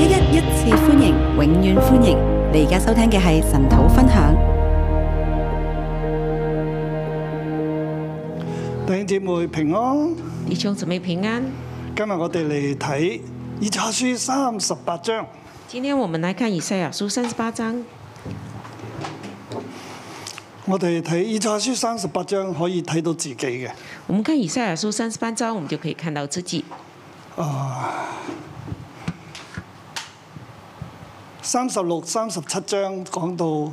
一一一次歡迎，永遠歡迎！你而家收聽嘅係神土分享。弟兄姊妹平安，弟兄姊妹平安。今日我哋嚟睇以賽書三十八章。今天我們來看以賽亞書三十八章。我哋睇以賽書三十八章可以睇到自己嘅。我們看以賽亞書三十八章，我們就可以看到自己。啊。三十六、三十七章講到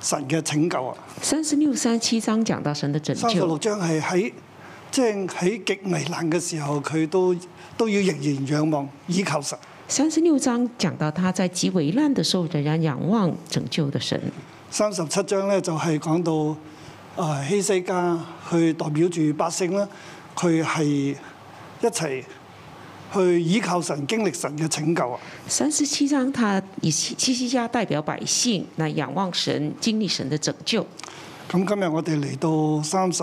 神嘅拯救啊！三十六、三十七章講到神嘅拯救。三十六章係喺即係喺極危難嘅時候，佢都都要仍然仰望倚靠神。三十六章講到他在極危難的時候，仍然仰望拯救的神。三十七章咧就係講到啊希西家去代表住百姓啦，佢係一齊。去依靠神，經歷神嘅拯救啊！三十七章，他以希西家代表百姓，那仰望神，經歷神的拯救。咁今日我哋嚟到三十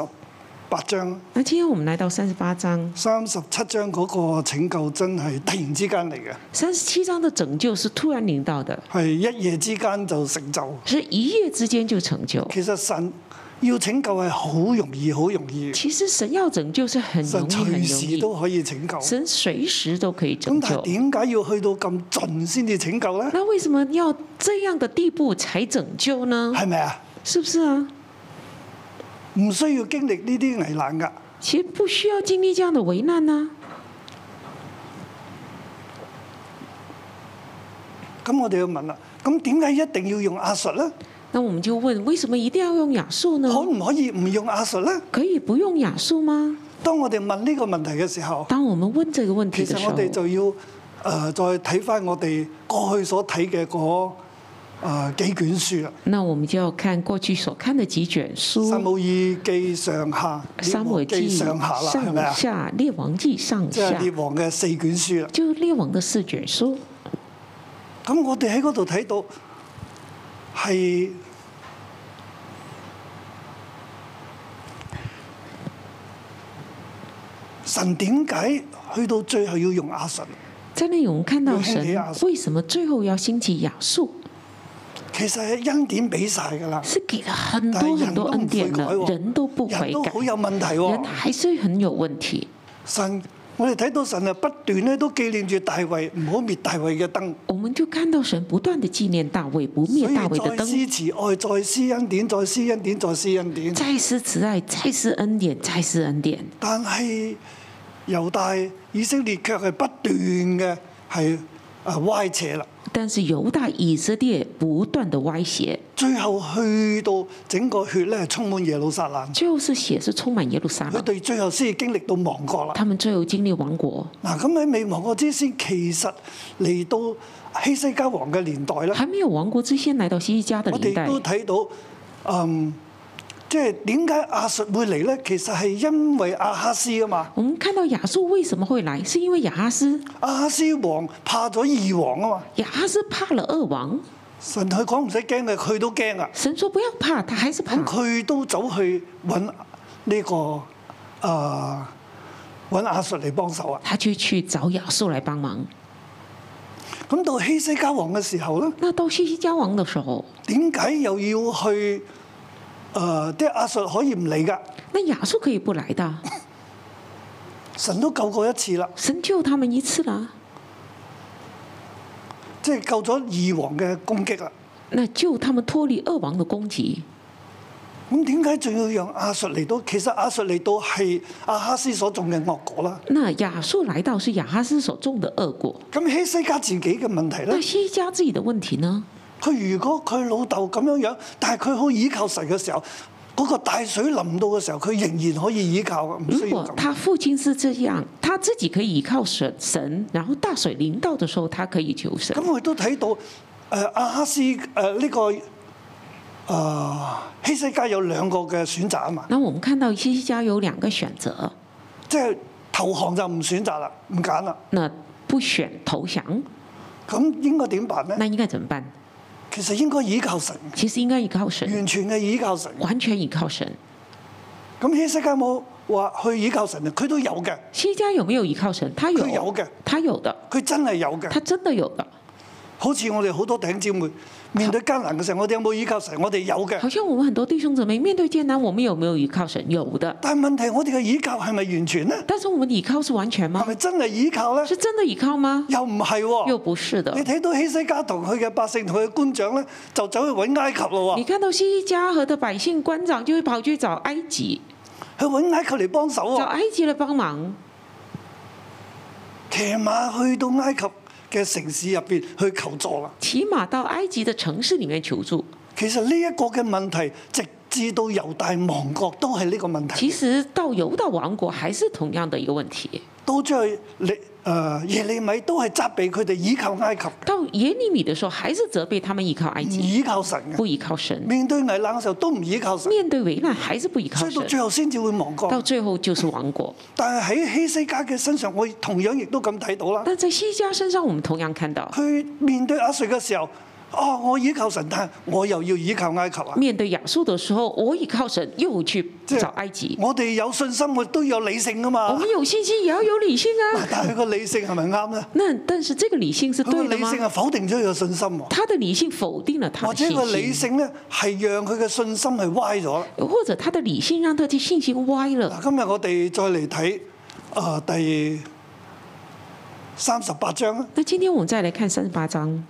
八章。那今天我們來到三十八章。三十七章嗰個拯救真係突然之間嚟嘅。三十七章的拯救是突然領到的。係一夜之間就成就。係一夜之間就成就。其實神。要拯救係好容易，好容易。其實神要拯救是很容易，很容易。神隨時都可以拯救。神隨時都可以拯救。咁但係點解要去到咁盡先至拯救咧？那為什麼要這樣的地步才拯救呢？係咪啊？是不是啊？唔需要經歷呢啲危難噶。其實不需要經歷這樣的危難啊！咁我哋要問啦，咁點解一定要用阿術咧？那我們就問，為什麼一定要用亞述呢？可唔可以唔用亞述咧？可以不用亞述嗎？當我哋問呢個問題嘅時候，當我們問這個問題嘅時候，其實我哋就要誒、呃、再睇返我哋過去所睇嘅嗰誒幾卷書啦。那我們就要看過去所看的幾卷書。撒母耳記上下、列王記上下啦，係咪啊？列王記上下。即係列王嘅四卷書啦。就列王嘅四卷書。咁我哋喺嗰度睇到。係神點解去到最後要用阿神？真係容們看到神，為什麼最後要興起亞述？其實係恩典俾晒噶啦，是給了很多很多恩典的，人都不悔改，人都好有問題，人還是很有問題。神。我哋睇到神啊，不斷咧都紀念住大衛，唔好滅大衛嘅燈。我們就看到神不斷的紀念大衛，不滅大衛嘅燈。再施慈愛，再施恩典，再施恩典，再施恩典。再施慈愛，再施恩典，再施恩典。但係猶大以色列卻係不斷嘅係。啊歪斜啦！但是猶大以色列不斷的歪斜，最後去到整個血咧充滿耶路撒冷，就是血是充滿耶路撒冷。佢哋最後先經歷到亡國啦。他們最後經歷亡國。嗱咁喺未亡國之先，其實嚟到希西家王嘅年代咧，喺未有亡國之先嚟到希西家的年代。我哋都睇到，嗯。即係點解亞述會嚟咧？其實係因為亞哈斯啊嘛。我們看到亞述為什麼會嚟？是因為亞哈斯。亞哈斯王怕咗二王啊嘛。亞哈斯怕了二王。神佢講唔使驚嘅，佢都驚啊。神說不要怕，他還是怕。佢都走去揾呢、呢個啊揾亞述嚟幫手啊。術來他就去，去找亞述嚟幫忙。咁到希西家王嘅時候咧？那到希西家王嘅時候，點解又要去？誒啲亞述可以唔嚟噶？那亞述可，可以不來的？神都救過一次啦。神救他們一次啦，即係救咗二王嘅攻擊啦。那救他們脫離二王嘅攻擊？咁點解仲要讓亞述嚟到？其實亞述嚟到係亞哈斯所種嘅惡果啦。那亞述來到是亞哈斯所種嘅惡果。咁希西家自己嘅問題咧？希西家自己的問題呢？佢如果佢老豆咁樣樣，但係佢可以倚靠神嘅時候，嗰、那個大水臨到嘅時候，佢仍然可以倚靠。唔需要。如果佢父親是這樣，他自己可以倚靠神，神，然後大水臨到嘅時候，他可以求神。咁我都睇到，誒亞哈斯誒呢個誒希西家有兩個嘅選擇啊嘛。那我們看到希西、西家有兩個選擇，即、就、係、是、投降就唔選擇啦，唔揀啦。嗱，不選投降，咁應該點辦咧？那應該怎麼辦？其實應該倚靠神，其實應該倚靠神，完全嘅倚靠神，完全倚靠神。咁呢世界冇話去倚靠神啊，佢都有嘅。世家有冇有倚靠神？佢有，佢有嘅，佢有嘅，佢真係有嘅，佢真係有嘅。好似我哋好多頂尖會。面對艱難嘅時候，我哋有冇依靠神？我哋有嘅。好似我們很多弟兄姊妹面對艱難，我們有冇依靠神？有的。但係問題，我哋嘅依靠係咪完全呢？但係我哋依靠是完全嗎？係咪真係依靠呢？是真的依靠嗎？又唔係喎。又唔係的。你睇到希西家同佢嘅百姓同佢嘅官長咧，就走去揾埃及咯喎，哦。你看到希西家和嘅百姓官長就會跑去找埃及，去揾埃及嚟幫手啊？找埃及嚟幫忙，騎馬去到埃及。嘅城市入邊去求助啦，起碼到埃及嘅城市裏面求助。其實呢一個嘅問題。至到猶大亡國都係呢個問題。其實到猶大亡國還是同樣的一個問題。到最後耶啊耶利米都係責備佢哋依靠埃及的。到耶利米嘅時候，還是責備他們依靠埃及。依靠神。不依靠，靠，靠神。面對危難嘅時候都唔依靠神。面對危難，還是不依靠神。最後先至會亡國。到最後就是亡國。但係喺希西家嘅身上，我同樣亦都咁睇到啦。但在希西家身上，我們同樣看到佢面對亞述嘅時候。哦，我依靠神，但我又要依靠埃及啊。面對亞述的時候，我依靠神，又去找埃及。就是，我哋有信心，我都要有理性噶嘛。我們有信心，也要有理性啊。但係個理性係咪啱呢？但是這個理性是對的嗎？佢個理性係否定咗有信心。他的理性否定了他的信心。或者個理性呢，係讓佢嘅信心係歪咗。或者他的理性讓他啲信心歪咗。今日我哋再嚟睇，啊、呃，第三十八章啊。那今天我們再來看三十八章。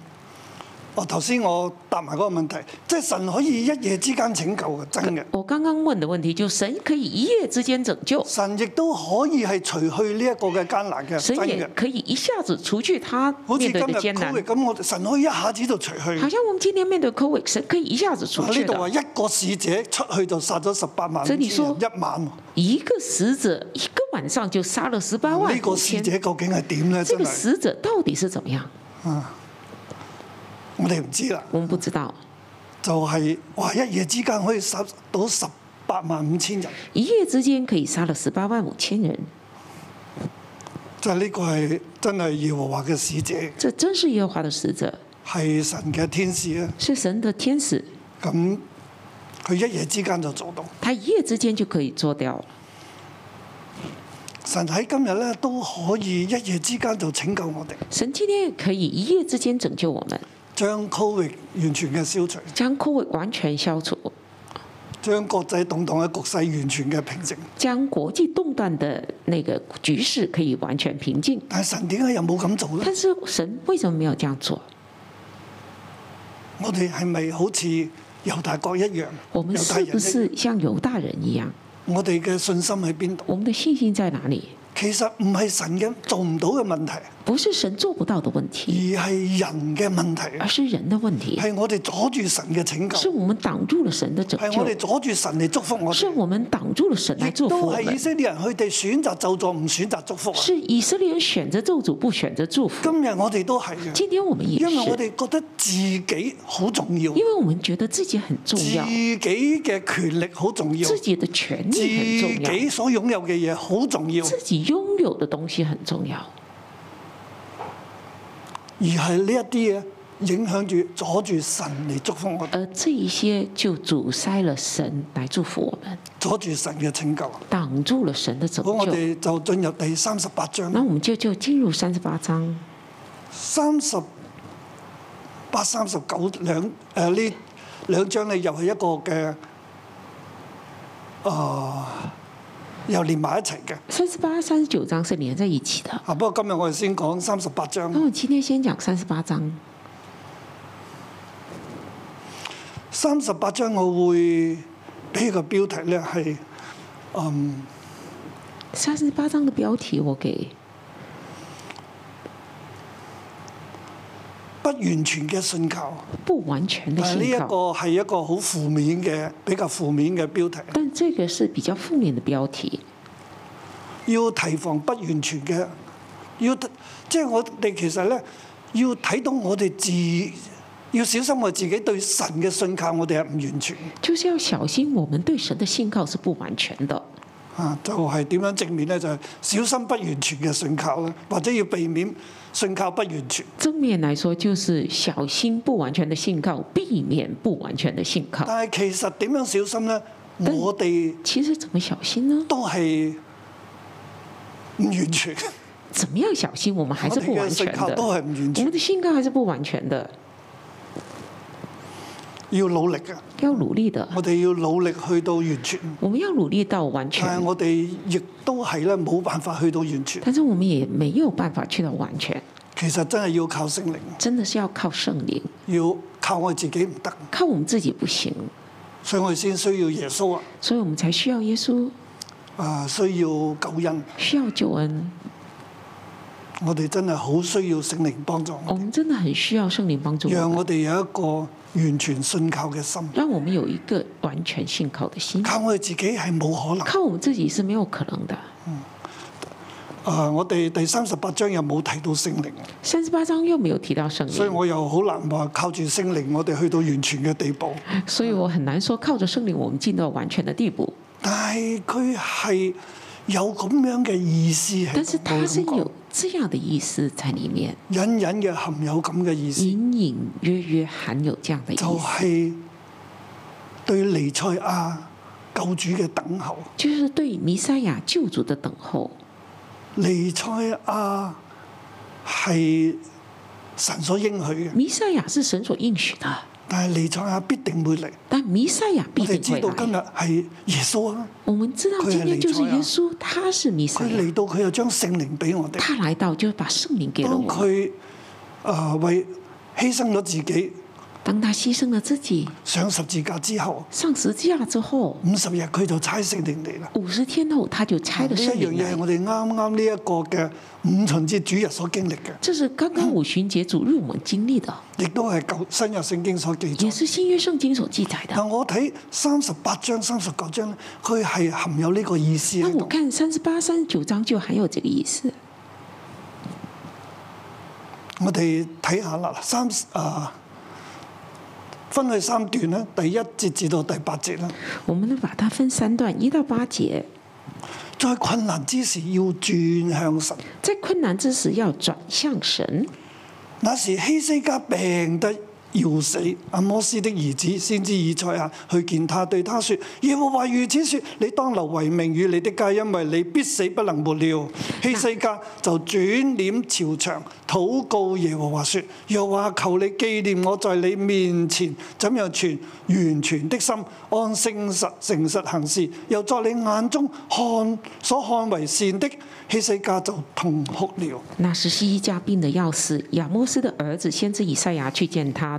我頭先我答埋嗰個問題，即係神可以一夜之間拯救嘅，真嘅。我剛剛問嘅問題就是，神可以一夜之間拯救。神亦都可以係除去呢一個嘅艱難嘅，神亦可以一下子除去他面對嘅艱難。好似今日 covid 咁，我神可以一下子就除去。好像我們今天面對 covid，神可以一下子除去。呢度話一個使者出去就殺咗十八萬五千人，你說一晚。一個使者一個晚上就殺了十八萬五千人。一、啊，這個使者究竟係點咧？真係。這個使者到底是怎麼樣？啊。我哋唔知啦。我唔知道，就係、是、哇！一夜之間可以殺到十八萬五千人。一夜之間可以殺了十八萬五千人。就係呢個係真係耶和華嘅使者。這真是耶和華嘅使者。係神嘅天使啊！是神嘅天使。咁佢一夜之間就做到。他一夜之間就可以做掉。神喺今日咧都可以一夜之間就拯救我哋。神今天可以一夜之間拯救我們。將 covid 完全嘅消除，將 covid 完全消除，將國際動盪嘅局勢完全嘅平靜，將國際動盪嘅那個局勢可以完全平靜。但係神點解又冇咁做咧？但是神為什麼沒有這樣做？我哋係咪好似猶大國一樣？我們是不是像猶大人一樣？我哋嘅信心喺邊度？我們嘅信心在哪裏？其實唔係神嘅做唔到嘅問題。不是神做不到的問題，而係人嘅問題。而是人的問題，係我哋阻住神嘅拯救。是我們擋住了神的拯救。係我哋阻住神嚟祝福我。是我們擋住了神嚟祝福我。係以色列人，佢哋選擇咒詛唔選擇祝福。是以色列人選擇咒詛不選擇祝福。今日我哋都係。今天我們也是。因為我哋覺得自己好重要。因為我們覺得自己很重要。自己嘅權力好重要。自己的權力好重要。自己所擁有嘅嘢好重要。自己擁有的東西很重要。而係呢一啲嘢影響住阻住神嚟祝福我哋，而呢一些就阻塞了神來祝福我們，阻住神嘅拯救，擋住了神嘅拯救。我哋就進入第三十八章。那我們就就進入三十八章，三十、八、呃、三十九兩誒呢兩章咧，又係一個嘅誒。呃又連埋一齊嘅。三十八、三十九章是連在一起的。啊，不過今日我哋先講三十八章。咁我今天先講三十八章。三十八章我會俾個標題咧，係嗯。三十八章嘅標題我給。不完全嘅信靠，不完全嘅，但係呢一個係一個好負面嘅，比較負面嘅標題。但這個是比較負面的標題，要提防不完全嘅，要即係我哋其實咧，要睇到我哋自要小心我自己對神嘅信靠，我哋係唔完全。就是要小心，我們對神嘅信靠是不完全的。就係、是、點樣正面咧？就係、是、小心不完全嘅信靠啦，或者要避免信靠不完全。正面來說，就是小心不完全嘅信靠，避免不完全嘅信靠。但係其實點樣小心咧？我哋其實怎麼小心呢？都係唔完全。怎麼樣小心？我們還是不完全的。都係唔完全。我們的信靠還是不完全的。要努力嘅，要努力的。嗯、我哋要努力去到完全。我們要努力到完全。但係我哋亦都係咧，冇辦法去到完全。但是我們也沒有辦法去到完全。其實真係要靠聖靈。真的需要靠聖靈。要靠我自己唔得。靠我們自己不行。所以我哋先需要耶穌啊。所以我們才需要耶穌啊。啊，需要救恩。需要救恩。我哋真係好需要聖靈幫助我哋。我們真的很需要聖靈幫助，讓我哋有一個。完全信靠嘅心，讓我們有一個完全信靠的心。靠我哋自己係冇可能，靠我們自己是沒有可能的。啊、嗯呃，我哋第三十八章又冇提到聖靈，三十八章又沒有提到聖靈，所以我又好難話靠住聖靈，我哋去到完全嘅地步。所以我很難說靠着聖靈，我們進到完全的地步。但係佢係有咁樣嘅意思，但是它是有。這樣的意思在裏面，隱隱嘅含有咁嘅意思，隱隱約約含有這樣的意思，就係、是、對彌賽亞救主嘅等候，就是對彌賽亞救主嘅等候。彌賽亞係神所應許嘅，彌賽亞是神所應許嘅。但係彌賽亞必定會嚟，但彌賽亞必定會嚟。我哋知道今日係耶穌啊，我們知道今天就是耶穌，他是彌賽亞。佢嚟到佢就將聖靈俾我哋，他來到就把聖靈給了我們。當佢誒、呃、為犧牲咗自己。等他犧牲了自己，上十字架之後，上十字架之後，五十日佢就猜聖定嚟啦。五十天後他就猜咗聖靈。呢一樣嘢我哋啱啱呢一個嘅五旬節主日所經歷嘅，就是剛剛五旬節主入我經歷的，亦都係舊新約聖經所記、嗯。也是新約聖經所記載嘅，但我睇三十八章三十九章佢係含有呢個意思。那我看三十八三十九章就含有這個意思。我哋睇下啦，三十啊。分去三段咧，第一節至到第八節啦。我們都，把它分三段，一到八節。在困難之時要轉向神。在困難之時要轉向神。那時希西家病的。要死！亞摩斯的兒子先知以賽亞去見他，對他說：「耶和華如此說，你當留遺命與你的家，因為你必死不能活了。希西家就轉臉朝牆，禱告耶和華說：「又話求你紀念我在你面前怎樣存完全的心，按誠實誠實行事，又在你眼中看所看為善的。希西家就痛哭了。那是希家病得要死，亞摩斯的兒子先知以賽亞去見他。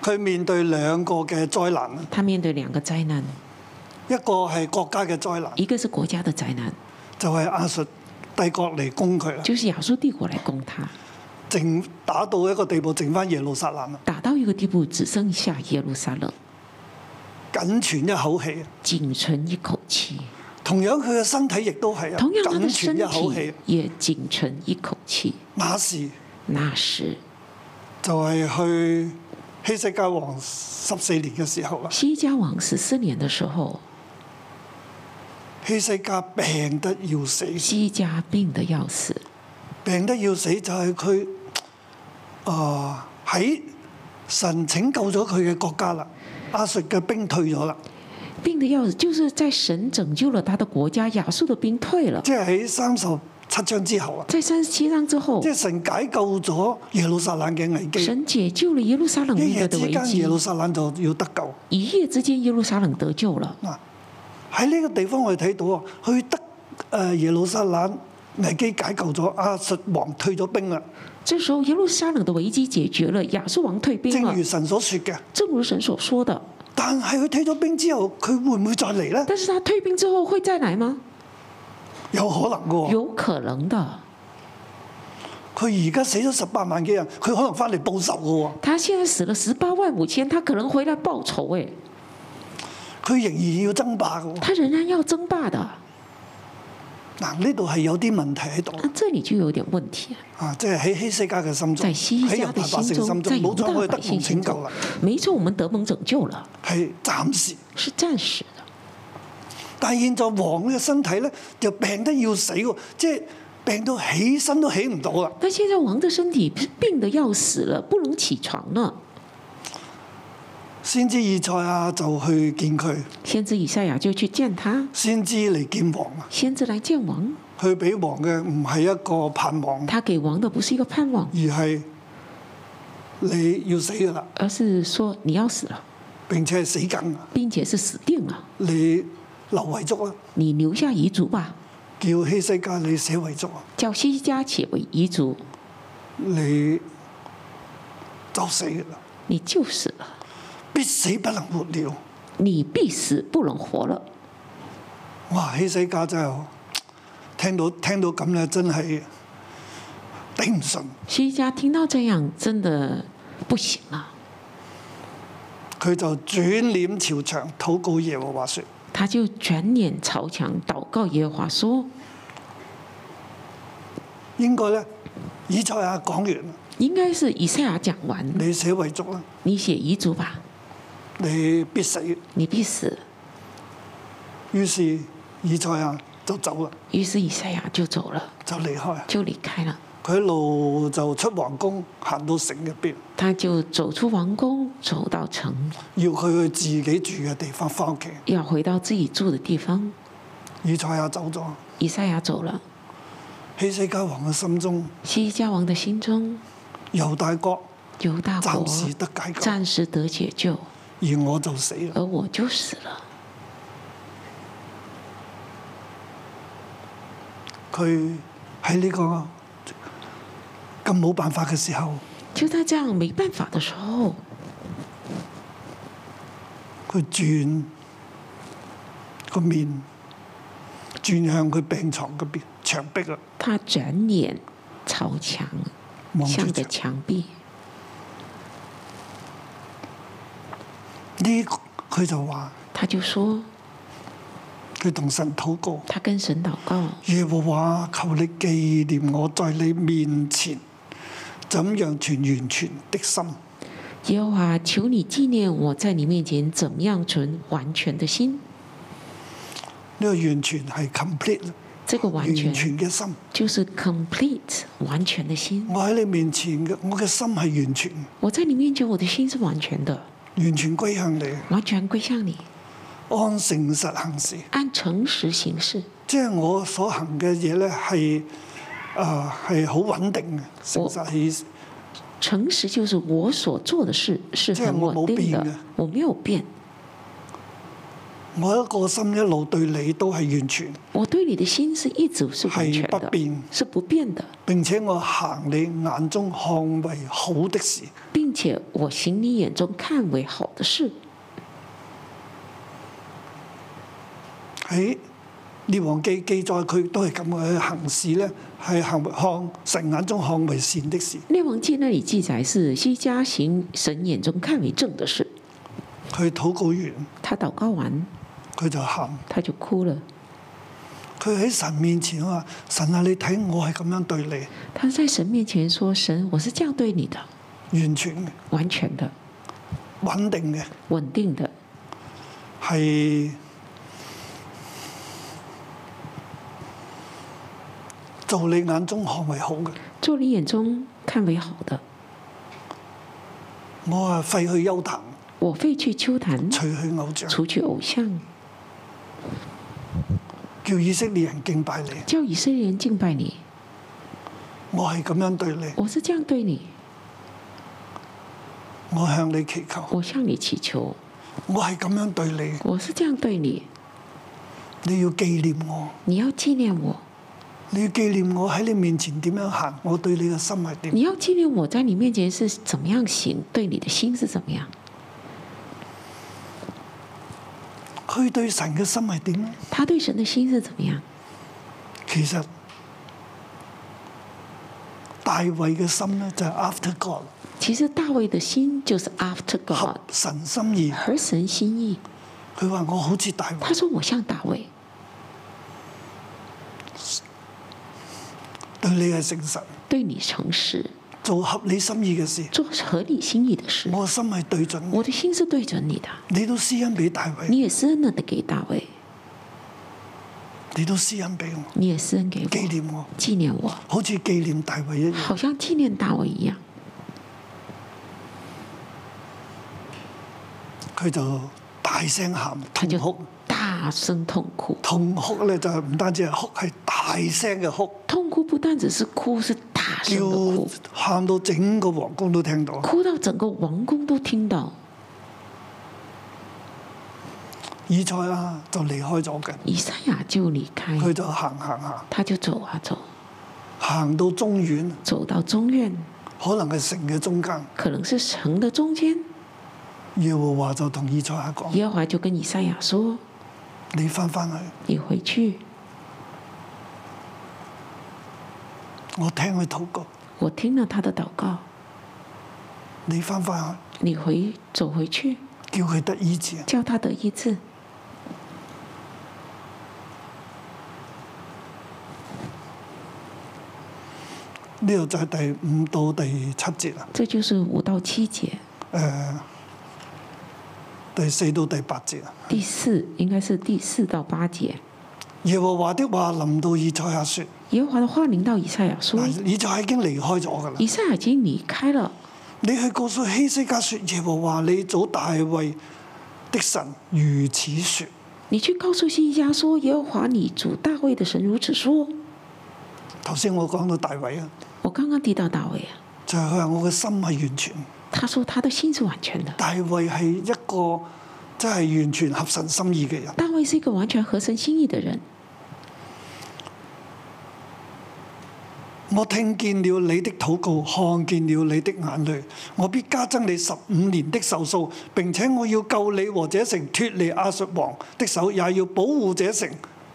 佢面對兩個嘅災難。他面對兩個災難，一個係國家嘅災難。一個是國家嘅災難。就係、是、亞述帝國嚟攻佢啦。就是亞述帝國嚟攻他。剩打到一個地步，剩返耶路撒冷啦。打到一個地步，只剩下耶路撒冷，僅存一口氣。僅存一口氣。同樣佢嘅身體亦都係。同樣佢嘅身體亦僅存一口氣。那時，那時就係、是、去。希西家王十四年嘅時候啊，希西家王十四年嘅時候，希西家病得要死，希西家病得要死，病得要死就係佢，啊喺神拯救咗佢嘅國家啦，亞述嘅兵退咗啦，病得要死，就是、呃、得要死就是在神拯救了他的國家，亞述的兵退了，即係喺三十。七章之後啊，在三十七章之後，即係神解救咗耶路撒冷嘅危機。神解救了耶路撒冷嘅危機，一夜之間，耶路撒冷就要得救。一夜之間，耶路撒冷得救了。嗱、啊，喺呢個地方我哋睇到啊，去得誒耶路撒冷危機解救咗，阿、啊、述王退咗兵啦。這時候耶路撒冷嘅危機解決了，亞述王退兵，正如神所說嘅，正如神所說的。但係佢退咗兵之後，佢會唔會再嚟咧？但是他退兵之後會再來嗎？有可能嘅，有可能的。佢而家死咗十八萬幾人，佢可能翻嚟報仇嘅喎。他現在死了十八萬五千，他可能回來報仇誒。佢仍然要爭霸嘅。他仍然要爭霸的。嗱，呢度係有啲問題喺度。啊，這裡就有點問題啊。啊，即係喺希西家嘅心中，喺人嘅百姓心中，冇將佢德蒙拯救。沒錯，我們德蒙拯救了。係暫時。是暫時。但係現在王嘅身體咧，就病得要死喎！即係病到起身都起唔到啦。但係現在王嘅身體病得要死了，不能起床啦。先知以賽亞就去見佢。先知以賽亞就去見他。先知嚟見王啊！先知嚟見王。佢俾王嘅唔係一個盼望。他給王的不是一個盼望，而係你要死㗎啦。而是說你要死了。並且係死緊。並且是死定了。你。留遺囑啊！你留下遺囑吧。叫希西家你寫遺囑啊！叫希西家寫遺遺囑。你就死啦！你就死啦！必死不能活了。你必死不能活了。哇！希西家真係聽到聽到咁咧，真係頂唔順。希西家聽到這樣，真的不行啊！佢就轉臉朝牆禱告耶和華說。他就轉臉朝牆禱告耶和華，說：應該呢？以賽亞講完了，應該是以賽亞講完，你寫遺囑你寫遺囑吧，你必死，你必死。於是以賽亞就走於是以賽亞就走了，就離開了，就離開了。佢一路就出王宮，行到城入邊。他就走出王宮，走到城。要佢去自己住嘅地方翻屋企。要回到自己住的地方。以賽亞走咗。以賽亞走了。希西家王嘅心中。西家王嘅心中。猶大國。猶大國。暫時得解救。暫時得解救。而我就死咗。而我就死了。佢喺呢個。咁冇辦法嘅時候，就係咁樣冇辦法嘅時候，佢轉個面轉向佢病床嗰邊牆壁啊。他轉眼朝牆，望住牆壁。呢佢就話，佢、這個、就說，佢同神禱告，佢跟神禱告。耶和華，求你紀念我在你面前怎樣存完全的心？耶穌話：求你紀念我在你面前怎樣存完全的心。呢個完全係 complete。這個完全嘅心就是 complete 完全嘅心。我喺你面前嘅，我嘅心係完全。我在你面前，我的心是完全的。完全歸向你。完全歸向你。按誠實行事。按誠實行事。即係我所行嘅嘢咧，係。啊，係好穩定嘅。我誠實就是我所做的事是很穩定的。我沒有變，我一個心一路對你都係完全。我對你的心是一直是完全的，是不變，是不變的。並且我行你眼中看為好的事。並且我行你眼中看為好的事。喺《列王記》記載，佢都係咁樣行事咧。係行看神眼中看為善的事，《列王記》那裏記載是西家行神眼中看為正的事。佢禱告完。他禱告完，佢就喊。他就哭了。佢喺神面前話：神啊，你睇我係咁樣對你。他在神面前說：神，我是這樣對你的。完全嘅，完全的，穩定嘅，穩定的，係。做你眼中看為好嘅，做你眼中看為好的。我啊廢去邱壇，我廢去邱壇，除去偶像，除去偶像，叫以色列人敬拜你，叫以色列人敬拜你。我係咁樣對你，我是這樣對你。我向你祈求，我向你祈求。我係咁樣對你，我是這樣對你。你要紀念我，你要紀念我。你要紀念我喺你面前點樣行？我對你嘅心係點？你要紀念我在你面前是怎麼樣行，對你嘅心是怎麼樣？佢對神嘅心係點咧？他對神嘅心是怎麼樣？其實，大衛嘅心呢，就係 after God。其實，大衛嘅心就是 after God。合神心意。合神心意。佢話：我好似大衛。他說：我像大衛。對你係誠實，對你誠實，做合理心意嘅事，做合理心意的事。我心係對準，我的心是對準你的。你都施恩俾大衛，你也施恩得給大衛。你都施恩俾我，你也施恩給我，紀念我，紀念我，好似紀念大衛一樣，好像紀念大衛一樣。佢就大聲喊，痛哭。大聲痛哭，痛哭咧就唔單止係哭，係大聲嘅哭。痛哭不單止是哭，是大聲嘅哭。要喊到整個王宮都聽到。哭到整個王宮都聽到。以賽亞就離開咗嘅。以賽亞就離開。佢就行行下。佢就走啊走，行到中院。走到中院，可能係城嘅中間。可能是城嘅中間。耶和華就同以賽亞講。耶和華就跟以賽亞說。你返返去。你回去。我聽佢禱告。我聽了他的禱告。你返返去。你回走回去。叫佢得醫治。叫他得醫治。呢度就係第五到第七節啊。這就是五到七節。誒。第四到第八節啊。第四應該是第四到八節。耶和華的話臨到以賽亞說。耶和華的話臨到以賽亞說。以賽亞已經離開咗噶啦。以賽亞已經離開了。你去告訴希西家說，耶和華你祖大衛的神如此說。你去告訴希西家說，耶和華你祖大衛的神如此說。頭先我講到大衛啊。我剛剛提到大衛啊。就係佢話我嘅心係完全。他說他的心是完全的，大衛係一個真係完全合神心意嘅人。大衛是一個完全合神心意的人。我聽見了你的禱告，看見了你的眼淚，我必加增你十五年的壽數，並且我要救你和這城脫離阿述王的手，也要保護這城。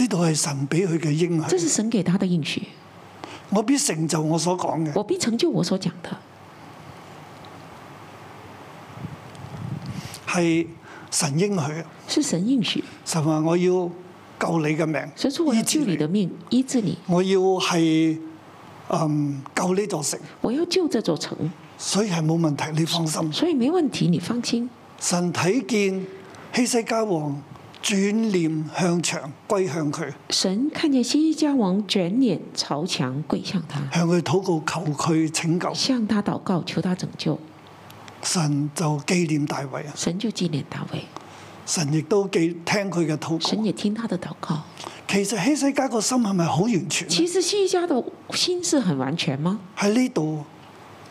呢度係神俾佢嘅應啊，即係神給他的應許。我必成就我所講嘅。我必成就我所講的。係神應許，神神。是神應許。神話我要救你嘅命，要治你嘅命，醫治你。我要係救呢座城。我要救呢座城。所以係冇問題，你放心。所以冇問題，你放心。神睇見希西家王。轉念向牆，歸向佢。神看見希西家王轉臉朝牆，跪向他。向佢禱告，求佢拯救。向他禱告，求他拯救。神就紀念大衛啊！神就紀念大衛。神亦都記聽佢嘅禱告。神亦聽他的禱告。其實希西家個心係咪好完全？其實希西家的心是很完全嗎？喺呢度。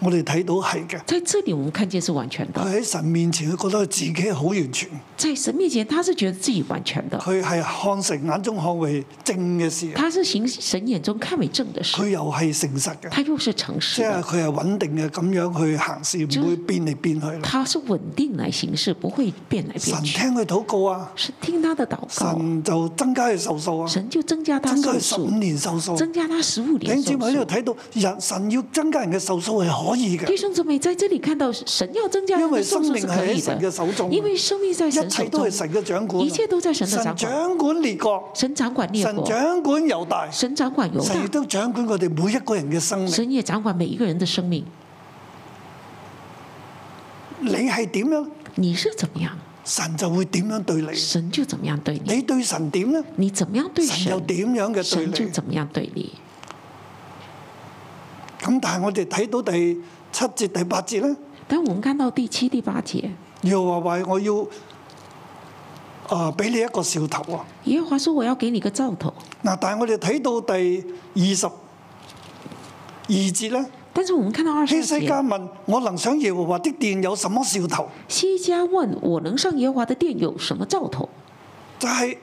我哋睇到係嘅，在這裏我們看見是完全的。佢喺神面前，佢覺得自己好完全。在神面前，他是覺得自己完全的。佢係看神眼中看為正嘅事。他是行神眼中看為正的事。佢又係誠實嘅。他又是誠實的他是誠實的。即係佢係穩定嘅咁樣去行事，唔、就是、會變嚟變去。他是穩定嚟行事，不會變嚟變去。神聽佢禱告啊！是聽他的禱告。神就增加佢壽數啊！神就增加他、啊、就增加他十五年壽數。增加他十五年壽數。頂尖到人，神要增加人嘅壽數係好。可以嘅，弟兄姊妹，在這裏看到神要增加人的生命可以，因為生命喺神嘅手中。因為生命在神手中，一切都係神嘅掌管，一切都在神嘅掌管。神掌管列國，神掌管列國，神掌管猶大，神掌管猶大，神都掌管我哋每一個人嘅生命，神也掌管每一個人嘅生命。你係點樣？你是怎樣？神就會點樣對你？神就怎樣對你？你對神點咧？你怎樣對神？又點樣嘅？神就怎樣對你？咁但係我哋睇到第七節第八節咧？等我們看到第七、第八節。耶和華話我要啊俾你一個兆頭啊！耶和華說我要給你個兆頭。嗱，但係我哋睇到第二十二節咧？但是我們看到二十二節。希西家問我：家問我能上耶和華的殿有什麼兆頭？希西家問：我能上耶和華的殿有什麼兆頭？就係、是、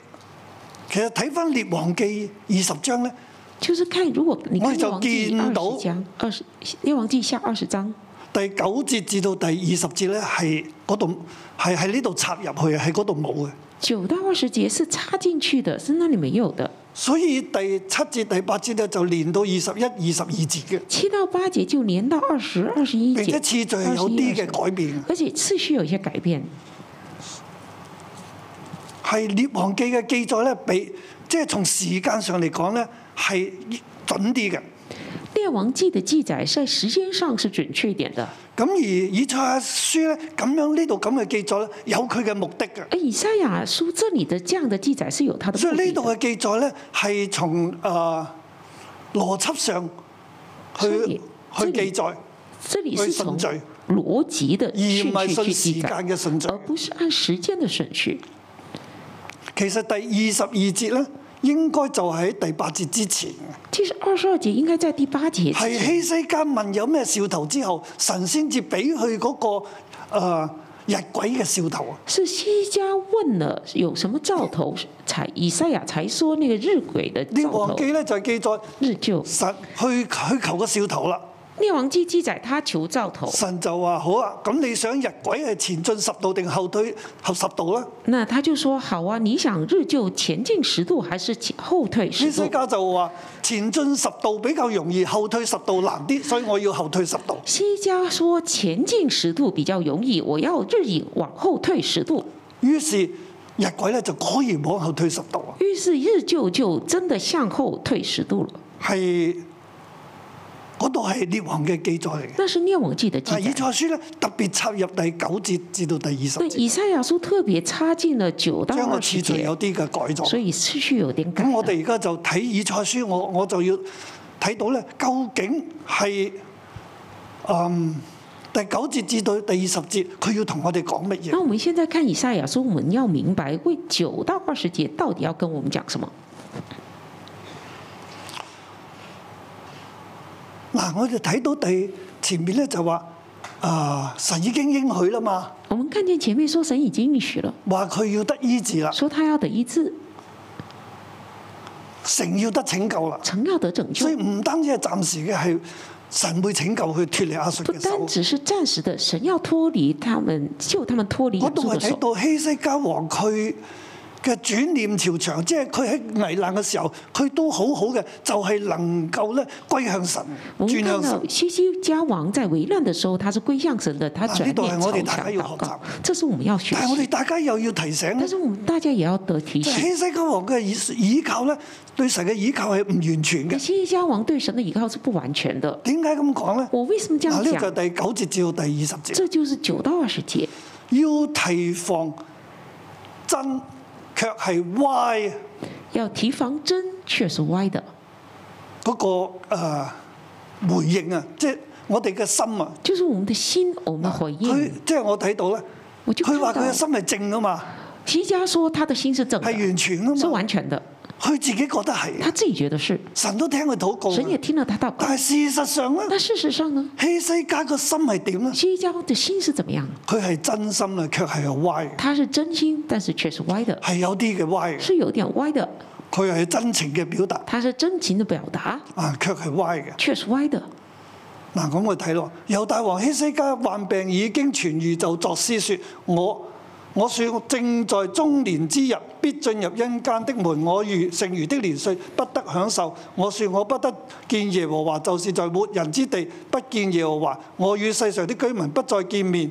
其實睇翻列王記二十章咧。就是看如果你看我就見到二十《列王記》20, 列王記下二十章，第九節至到第二十節咧，係嗰度係喺呢度插入去，喺嗰度冇嘅。九到二十節是插進去的，是那裡沒有的。所以第七節第八節咧就連到二十一、二十二節嘅。七到八節就連到二十二十一節。21, 21, 20, 而且次序係有啲嘅改變。而且次序有些改變。係《列王記》嘅記載咧，比即係從時間上嚟講咧。係準啲嘅《列王記》的記載，在時間上是準確一點的。咁而以賽亞書咧，咁樣呢度咁嘅記載咧，有佢嘅目的嘅。誒，以賽亞書這裡的這樣的記載是有它的目的。所以呢度嘅記載咧，係從誒邏輯上去去記載。這裡是從邏輯的順序去記載。而不是按時間的順序。其實第二十二節咧。應該就喺第八節之前。其實二十二節應該在第八節。係希西家問有咩兆頭之後，神先至俾佢嗰個日鬼嘅兆頭。是希西家問了有什麼兆頭，才以賽亞才說那個日鬼的。你忘記咧就係、是、記載日就實去去求個兆頭啦。《列王記》記載他求兆頭，神就話：好啊，咁你想日晷係前進十度定後退後十度咧？那他就說：好啊，你想日就前進十度，還是後退十度？西家就話：前進十度比較容易，後退十度難啲，所以我要後退十度。西家說：前進十度比較容易，我要日影往後退十度。於是日晷咧就果然往後退十度啊！於是日就就真的向後退十度了。係。嗰度係列王嘅記載嚟嘅，那是列王記的記載。以賽亞書咧，特別插入第九節至到第二十節。以賽亞書特別插進了九到二十節，將個次序有啲嘅改咗，所以次序有啲改。咁我哋而家就睇以賽亞書，我我就要睇到咧，究竟係嗯第九節至到第二十節，佢要同我哋講乜嘢？那我們現在看以賽亞書，我們要明白，為九到二十節到底要跟我們講什麼？我哋睇到第前面咧就話，啊神已經應許啦嘛。我們看見前面說神已經應許了，話佢要得醫治啦，說他要得醫治，神要得拯救啦，神要得拯救。所以唔單止係暫時嘅，係神會拯救佢脫離亞述嘅手。不單只是暫時的，神要脫離他們，救他們脫離亞述嘅手。我仲係睇到希西家王。嘅轉念朝長，即係佢喺危難嘅時候，佢都好好嘅，就係、是、能夠咧歸向神，轉向神。我聽到西西家王在危難嘅時候，他是歸向神嘅。他呢度係我哋大家要，要學習，我要。但係我哋大家又要提醒。但是我們大家也要得提醒。西西家王嘅倚靠咧，對神嘅倚靠係唔完全嘅，啊。西西家王對神嘅倚靠是不完全嘅。點解咁講咧？我為什麼呢？呢、啊、就第九節至到第二十節。這就是九到二十節。要提防真。卻係歪，要提防真，卻是歪的，嗰、那個、呃、回應啊！即係我哋嘅心啊，就是我們的心，我們回應佢。即係我睇到咧，佢話佢嘅心係正啊嘛。儒家說他的心是正的，係完全啊嘛，是完全的。佢自己覺得係，他自己覺得是，神都聽佢禱告，神也聽到他禱告。但係事實上咧，但事實上呢，希西家個心係點咧？希西家個心是點樣？佢係真心啊，卻係有歪。他是真心，但是卻是歪的。係有啲嘅歪，是有點歪的。佢係真情嘅表達，他是真情嘅表達啊，卻係歪嘅，卻是歪的。嗱，咁我睇咯，猶大王希西家患病已經痊愈，就作詩說：我。我説我正在中年之日，必進入陰間的門。我餘剩的年歲不得享受。我説我不得見耶和華，就是在沒人之地不見耶和華。我與世上的居民不再見面。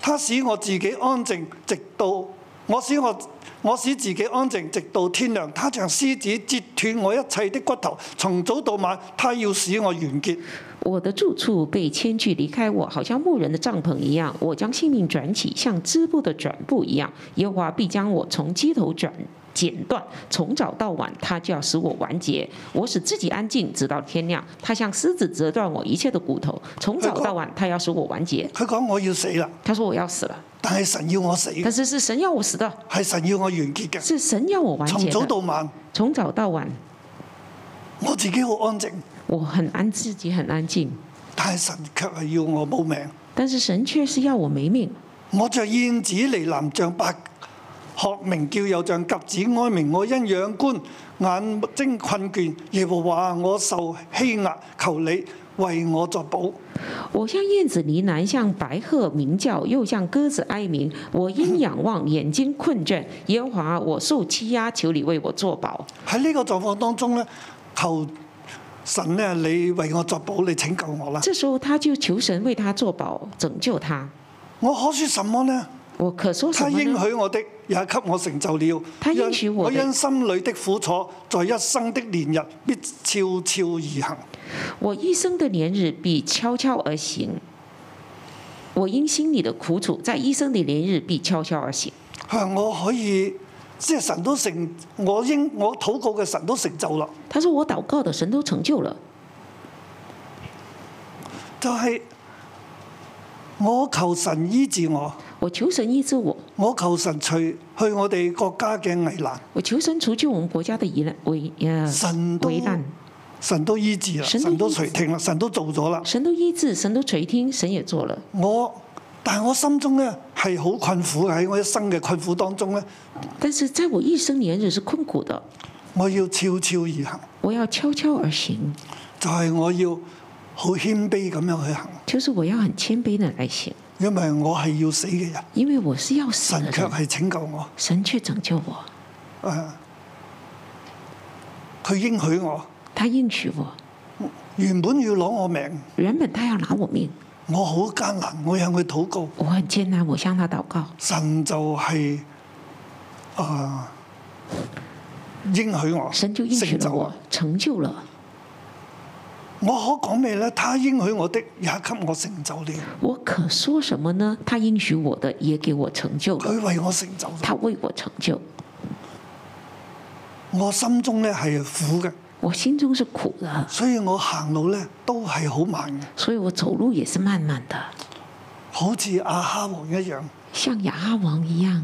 他使我自己安靜直到我使我我使自己安靜直到天亮。他像獅子，折斷我一切的骨頭，從早到晚，他要使我完結。我的住處被遷去，離開我，好像牧人的帳篷一樣，我將性命轉起，像織布的轉布一樣，耶和華必將我從機頭轉。剪斷，從早到晚，他就要使我完結。我使自己安靜，直到天亮。他像獅子，折斷我一切的骨頭。從早到晚，他要使我完結。佢講我要死啦。他說我要死了。但係神要我死。但是是神要我死的，係神要我完結嘅。是神要我完結。早到晚，從早到晚，我自己好安靜。我很安，自己很安靜。但係神卻係要我冇命。但是神卻是要我沒命。我着燕子嚟，南像白。學名叫又像鴿子哀鳴，我因仰觀眼睛困倦，耶和華我受欺壓，求你為我作保。我像燕子呢喃，像白鶴鳴叫，又像鴿子哀鳴，我因仰望眼睛困倦，耶和華我受欺壓，求你為我作保。喺呢個狀況當中咧，求神咧，你為我作保，你拯救我啦。這時候他就求神為他作保，拯救他。我可説什麼呢？我可說他應許我的，也給我成就了。他應許我的。我因心裏的苦楚，在一生的年日必悄悄而行。我一生的年日必悄悄而行。我因心裏的苦楚，在一生的年日必悄悄而行。我可以，即係神都成，我應我禱告嘅神都成就啦。他說：我禱告的神都成就了。他說我禱告的神都成就係、就是、我求神醫治我。我求神醫治我。我求神除去我哋國家嘅危難。我求神除去我們國家嘅危難。神都神都醫治啦，神都垂聽啦，神都做咗啦。神都醫治，神都垂聽，聽，神也做了。我但係我心中咧係好困苦，喺我一生嘅困苦當中咧。但是在我一生年日是困苦的。我要悄悄而行。我要悄悄而行。就係、是、我要好謙卑咁樣去行。就是我要很謙卑地嚟行。因為我係要死嘅人，因為我是要死嘅人，神卻係拯救我，神卻拯救我，誒、啊，佢應許我，他應許我，原本要攞我命，原本他要拿我命，我好艱難，我向佢禱告，我很艱難，我向他禱告，神就係、是，啊，應許我，神就應許了我，我成就了。我可講咩咧？他應許我的也給我成就了。我可說什麼呢？他應許我的也給我成就了。佢為我成就了，他為我成就。我心中咧係苦嘅，我心中是苦的。所以我行路呢，都係好慢嘅，所以我走路也是慢慢的，好似阿哈王一樣，像阿哈王一樣。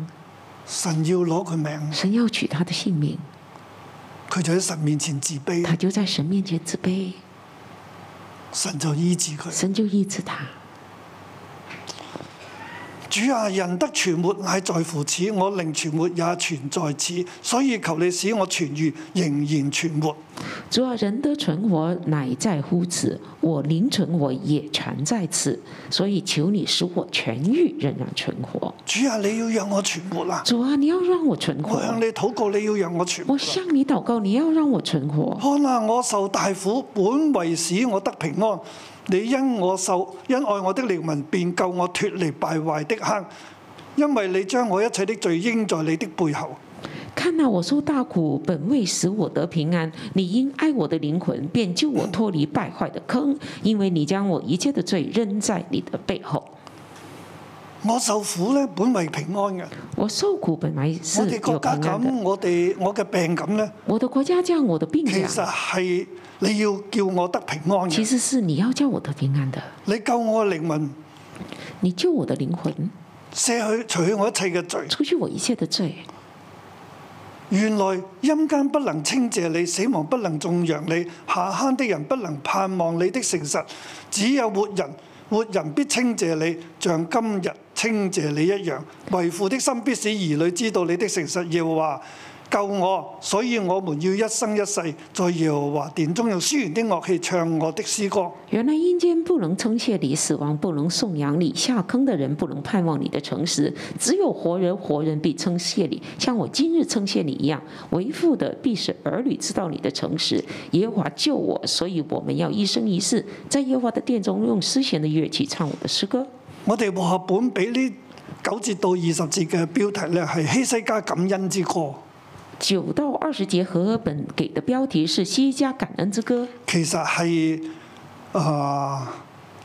神要攞佢命，神要取他的性命，佢就喺神面前自卑，他就在神面前自卑。神就醫治他。主啊，主啊，人得存活乃在乎此，我靈存活也存在此，所以求你使我痊癒，仍然存活。主啊，人得存活乃在乎此，我靈存活也存在此，所以求你使我痊癒，仍然存活。主啊，你要讓我存活啊！主啊，你要讓我存活！我向你禱告，你要讓我存活。我向你禱告，你要讓我存活。看哪，我受大苦，本為使我得平安。你因我受因愛我的靈魂，便救我脫離敗壞的坑；因為你將我一切的罪扔在你的背後。看啊，我受大苦，本為使我得平安。你因愛我的靈魂，便救我脫離敗壞的坑；因為你將我一切的罪扔在你的背後。我受苦呢，本為平安嘅。我受苦本為，我哋國家咁，我哋我嘅病咁呢，我哋國家將我嘅病感其實係。你要叫我得平安。其實是你要叫我得平安的。你救我靈魂。你救我的靈魂。捨去除去我一切嘅罪。除去我一切的罪。原來陰間不能稱謝你，死亡不能頌揚你，下坑的人不能盼望你的誠實。只有活人，活人必稱謝你，像今日稱謝你一樣。為父的心必使兒女知道你的誠實要。要話。救我，所以我們要一生一世在耶和華殿中用絲弦的樂器唱我的詩歌。原來陰間不能稱謝你，死亡不能頌揚你，下坑的人不能盼望你的誠實。只有活人，活人必稱謝你，像我今日稱謝你一樣。為父的必使兒女知道你的誠實。耶和華救我，所以我們要一生一世在耶和華的殿中用絲弦的樂器唱我的詩歌。我哋和合本俾呢九節到二十節嘅標題呢，係希西家感恩之歌。九到二十節和合本給的標題是西家感恩之歌。其實係誒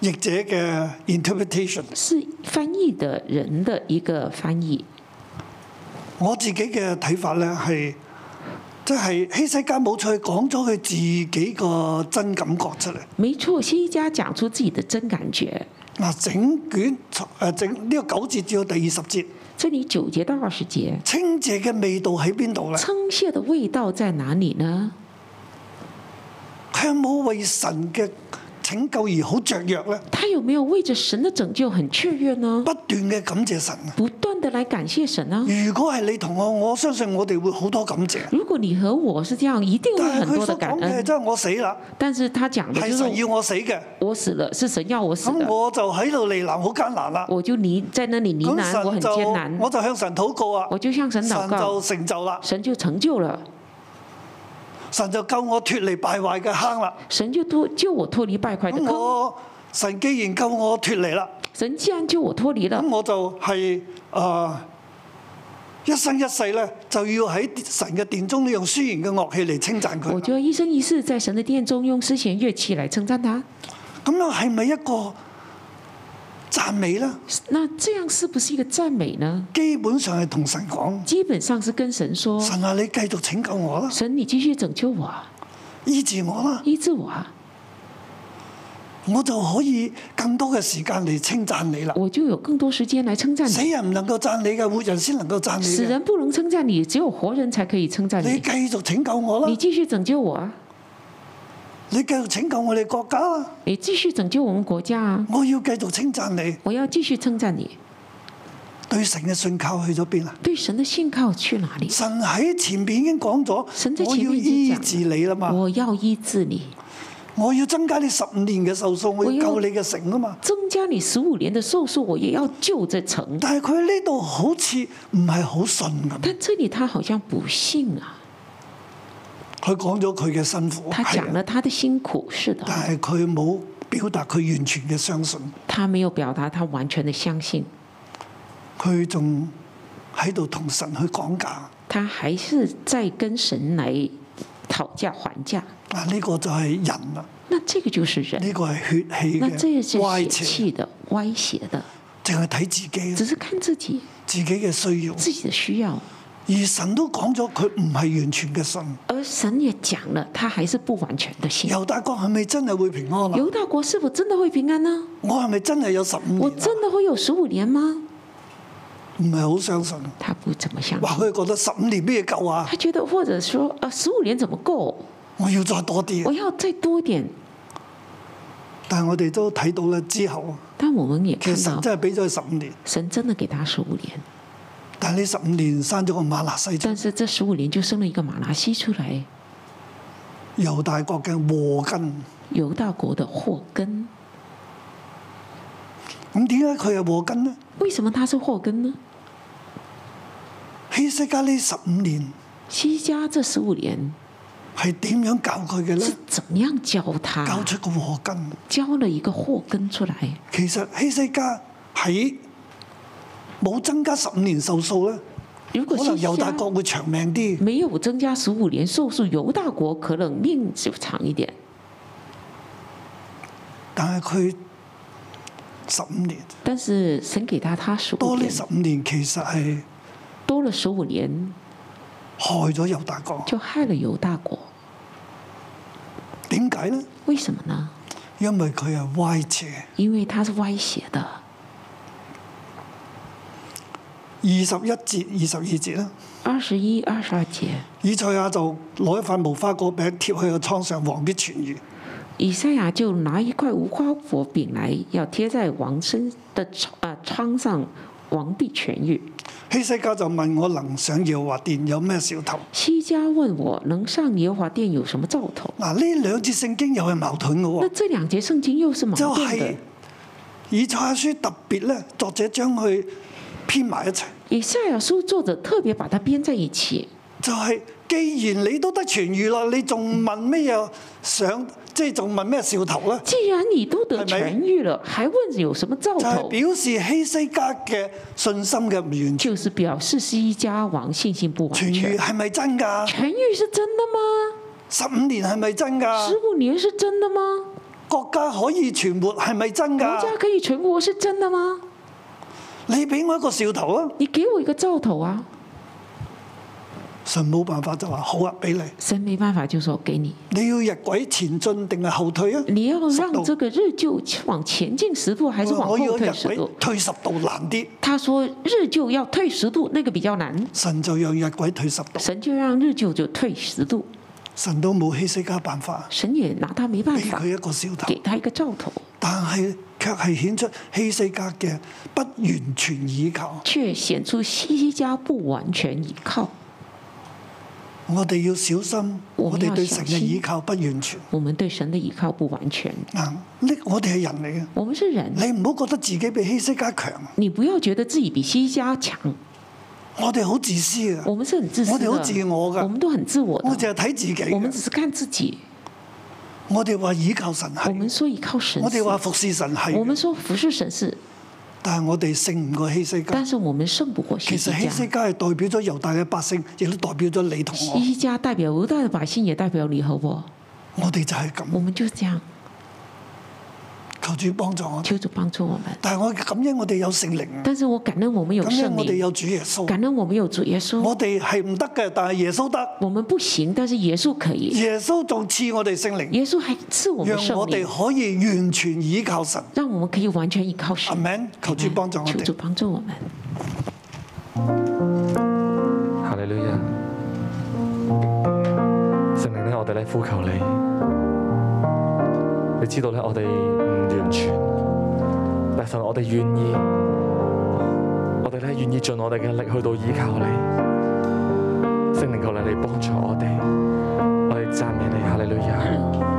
譯者嘅 interpretation，是翻譯的人的一個翻譯。我自己嘅睇法咧係，即係希西家冇錯講咗佢自己個真感覺出嚟。沒錯，西家講出自己的真感覺。嗱整卷誒整呢、這個九節至到第二十節。這裏九節到二十節，清潔嘅味道喺邊度呢？清潔的味道在哪裏呢？向冇為神嘅拯救而好雀躍咧，他有沒有為着神的拯救很雀躍呢？不斷嘅感謝神、啊，不斷的來感謝神啊！如果係你同我，我相信我哋會好多感謝。如果你和我是這樣，一定會很多的感恩。但係佢講係我死啦，但是他講係神要我死嘅，我死了，是，是，我死了是神要我死的。咁我，我，我就喺度呢喃好艱難啦，我就呢在那裏呢我很艱難。我就向神禱告啊，我就向神禱告，就成就啦，神就成就了。神就救我脫離敗壞嘅坑啦！神就脱救我脫離敗壞嘅坑。神既然救我脫離啦，神既然救我脫離啦，咁我就係、是、啊、呃、一生一世咧，就要喺神嘅殿中用絲弦嘅樂器嚟稱讚佢。我仲要一生一世在神嘅殿中用絲弦樂器嚟稱讚他。咁樣係咪一個？讚美啦，那這樣是不是一個讚美呢？基本上係同神講，基本上是跟神說：神啊，你繼續拯救我啦！神，你繼續拯救我，醫治我啦，醫治我，我就可以更多嘅時間嚟稱讚你啦。我就有更多時間嚟稱讚你。死人唔能夠讚你嘅，活人先能夠讚你。死人不能稱讚你，你，你，只有活人才可以稱讚你。你繼續拯救我啦！你繼續拯救我。你繼續拯救我哋國家啊！你繼續拯救我們國家啊！我要繼續稱讚你。我要繼續稱讚你。對神嘅信靠去咗邊啊？對神嘅信靠去哪裏？神喺前邊已，已經講咗，我要醫治你啦嘛！我要醫治你，我要增加你十五年嘅壽數，我要救你嘅城啊嘛！增加你十五年嘅壽數，我也要救這城。但係佢呢度好似唔係好信噉！但這裏他好像不信啊！佢講咗佢嘅辛苦，他講了他的辛苦，是的、啊。但係佢冇表達佢完全嘅相信。他沒有表達他完全的相信。佢仲喺度同神去講價。他還是在跟神嚟討價還價。呢個就係人啊，呢個就係人啦。那這個就是人。呢個係血氣嘅歪斜的，歪斜的。淨係睇自己，只是看自己自己嘅需要，自己的需要。而神都講咗佢唔係完全嘅神，而神也講了，他還是不完全嘅神。尤大國係咪真係會平安啦？尤大國是否真的會平安呢？我係咪真係有十五年？我真的會有十五年嗎？唔係好相信。他不怎麼相信。佢覺得十五年咩夠啊？他覺得，或者說，啊，十五年怎麼夠？我要再多啲。我要再多點。但係我哋都睇到啦，之後。但我們也其實神真係俾咗佢十五年。神真的給他十五年。但係呢十五年生咗個瑪拿西，但是這十五年就生咗一個瑪拿西出嚟。猶大國嘅禍根。猶大國嘅禍根。咁點解佢係禍根呢？為什麼他是禍根呢？希西家呢十五年，希西家這十五年係點樣教佢嘅呢？是怎麼樣教他，呢樣叫他？教出個禍根，教咗一個禍根出嚟。其實希西家喺冇增加十五年壽數咧，如果可能猶大國會長命啲。沒有增加十五年壽數，猶大國可能命就長一點。但係佢十五年，但是神給他他十五年。多了十五年其實係多了十五年，害咗猶大國，就害了猶大國。點解呢？為什麼呢？因為佢係歪斜，因為他是歪斜的。二十一節、二十二節啦。二十一、二十二節。以賽亞就攞一塊無花果餅貼喺個瘡上，王必痊愈。以賽亞就拿一塊無花果餅嚟，要貼在王身的啊瘡上，王必痊愈。希西家就問我：能上耶和華殿有咩兆頭？希西家問我：能上耶和華殿有什麼兆頭？嗱，呢兩節聖經又係矛盾嘅喎。那這兩節聖經又是矛盾嘅。就係以賽亞書特別咧，作者將佢。編埋一齊，以賽亞書作者特別把它編在一起。就係、是、既然你都得痊愈啦，你仲問咩嘢上？即係仲問咩兆頭咧？既然你都得痊愈了，是是，還問有什麼兆頭？表示希西家嘅信心嘅唔完全，就是表示西家、就是、家王信心不完全。痊愈係咪真噶？痊愈是真的嗎？十五年係咪真噶？十五年是真的嗎？國家可以存活係咪真噶？國家可以存活是真的嗎？你俾我一個兆頭啊！你給我一個兆頭啊！神冇辦法就話好啊，俾你。神沒辦法就說好啊，給你。你要日晷前進定係後退啊？你要讓這個日晷往前進十度，還是往後退十度？我我退十度難啲。他說日晷要退十度，那個比較難。神就讓日晷退十度。神就讓日晷就退十度。神都冇希西家辦法，神也拿他沒辦法，俾佢一個兆頭，給他一個兆頭。但係卻係顯出希西家嘅不完全依靠，卻顯出希西家不完全依靠。我哋要小心，我哋對神嘅依靠不完全。我們，我們對神的倚靠不完全。啊，呢我哋係人嚟嘅，我們是人。你唔好覺得自己比希西家強，你不要覺得自己比希西家強。我哋好自私啊。我哋好自，自我我們都很自我。我就係睇自己，我們只是看自己。我哋話倚靠神係，我們說倚靠神。我哋話服侍神係，我們說服侍神，神是。但係我哋勝唔過希西家，但是我們勝不過希西家。其實希西家係代表咗猶大的百姓，亦都代表咗你同我。希西家代表猶大的百姓，也代表你和我。我哋就係咁，我們就是這樣。求主幫助我，求主幫助我們。但係我感恩我哋有聖靈，但是我感恩我們有聖靈。感恩我哋有主耶穌，感恩我們有主耶穌。我哋係唔得嘅，但係耶穌得。我們不行，但是耶穌可以。耶穌仲賜我哋聖靈，耶穌還賜我們聖靈，讓我哋可以完全倚靠神。讓我們可以完全依靠神。Amen，求主幫助我，求主幫助我們。哈利路亞，聖靈呢？我哋呢？呼求你。你知道咧，我哋唔完全，但係我哋願意，我哋咧願意盡我哋嘅力去到依靠你，聖靈求你嚟幫助我哋，我哋讚美你，哈利路亞。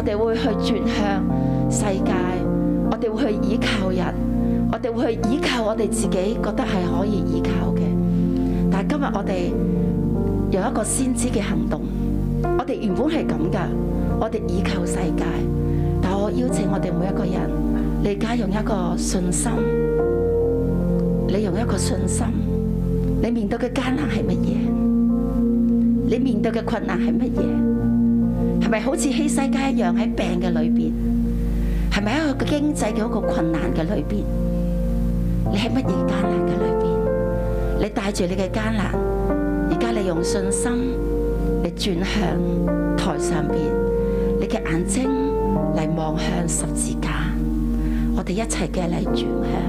我哋會去轉向世界，我哋會去倚靠人，我哋會去倚靠我哋自己覺得係可以倚靠嘅。但係今日我哋有一個先知嘅行動，我哋原本係咁噶，我哋倚靠世界。但我邀請我哋每一個人，你而家用一個信心，你用一個信心，你面對嘅艱難係乜嘢？你面對嘅困難係乜嘢？係咪好似希西家一樣喺病嘅裏邊，係咪一個經濟嘅一個困難嘅裏邊？你喺乜嘢艱難嘅裏邊？你帶住你嘅艱難，而家你用信心你轉向台上邊，你嘅眼睛嚟望向十字架。我哋一齊嘅嚟轉向，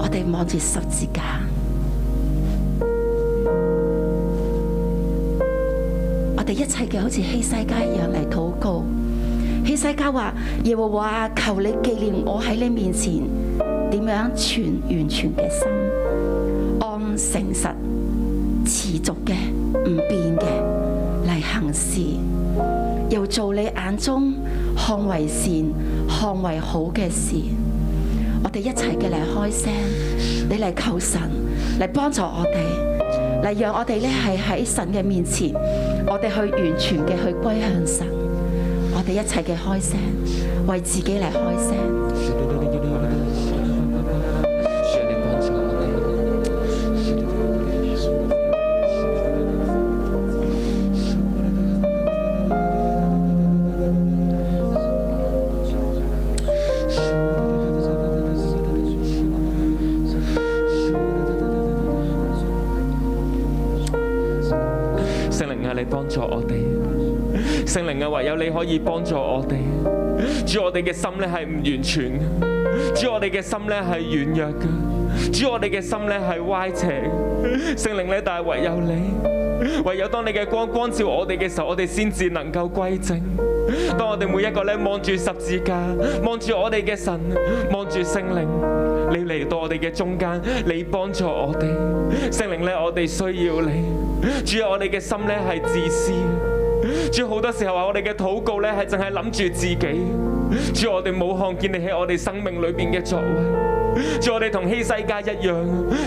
我哋望住十字架。我哋一切嘅好似希西家一樣嚟禱告。希西家話：耶和華求你紀念我喺你面前，點樣存完全嘅心，按誠實、持續嘅唔變嘅嚟行事，又做你眼中看為善、看為好嘅事。我哋一齊嘅嚟開聲，你嚟求神嚟幫助我哋，嚟讓我哋咧係喺神嘅面前。我哋去完全嘅去歸向神，我哋一齊嘅開聲，為自己嚟開聲。助我哋，聖靈啊，唯有你可以幫助我哋。主我哋嘅心咧係唔完全嘅，主我哋嘅心咧係軟弱嘅，主我哋嘅心咧係歪斜。聖靈咧，但係唯有你，唯有當你嘅光光照我哋嘅時候，我哋先至能夠歸正。當我哋每一個咧望住十字架，望住我哋嘅神，望住聖靈。你嚟到我哋嘅中間，你幫助我哋，聖靈咧，我哋需要你。主要我哋嘅心咧係自私，主好多時候話我哋嘅禱告咧係淨係諗住自己，主要我哋冇看見你喺我哋生命裏邊嘅作為，主要我哋同虛世界一樣，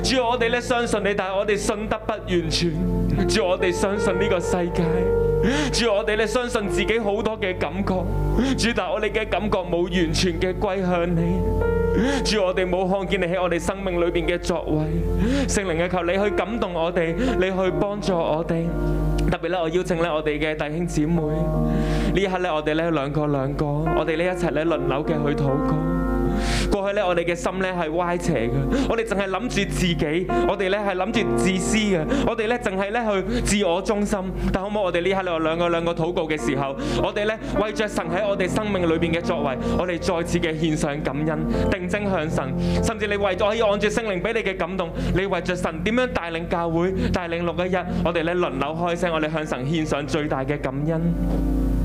主要我哋咧相信你，但係我哋信得不完全，主要我哋相信呢個世界，主要我哋咧相信自己好多嘅感覺，主要但係我哋嘅感覺冇完全嘅歸向你。主，我哋冇看見你喺我哋生命裏邊嘅作為。聖靈嘅求，你去感動我哋，你去幫助我哋，特別咧，我邀請咧我哋嘅弟兄姊妹，呢一刻咧，我哋咧兩個兩個，我哋呢一齊咧輪流嘅去禱告。過去咧，我哋嘅心咧係歪斜嘅，我哋淨係諗住自己，我哋咧係諗住自私嘅，我哋咧淨係咧去自我中心。但好唔好？我哋呢下兩個兩個禱告嘅時候，我哋咧為着神喺我哋生命裏邊嘅作為，我哋再次嘅獻上感恩，定睛向神。甚至你為咗可以按住聖靈俾你嘅感動，你為着神點樣帶領教會、帶領六一一。我哋咧輪流開聲，我哋向神獻上最大嘅感恩。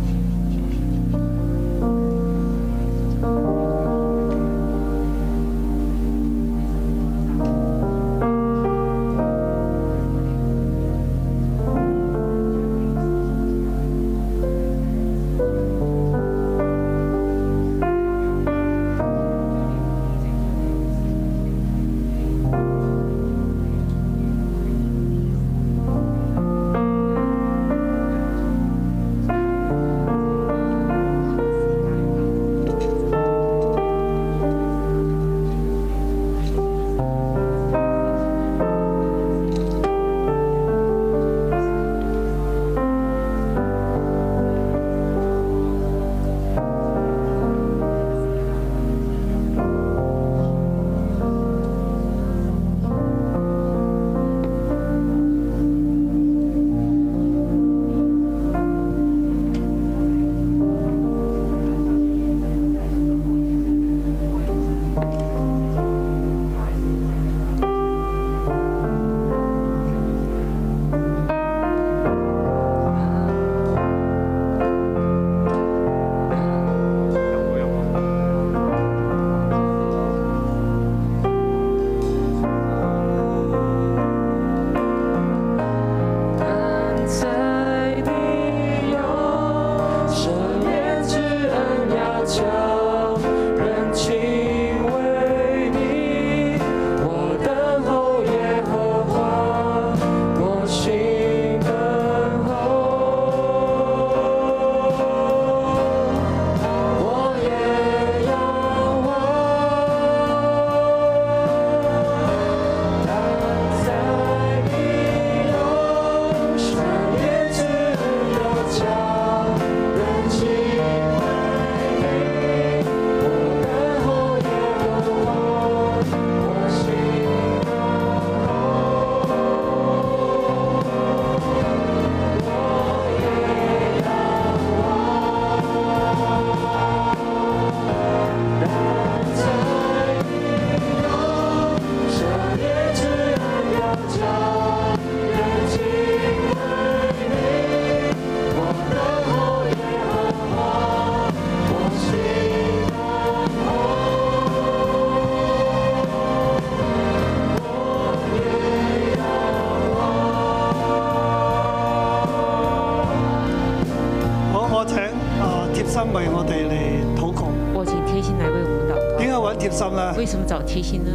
貼心啦，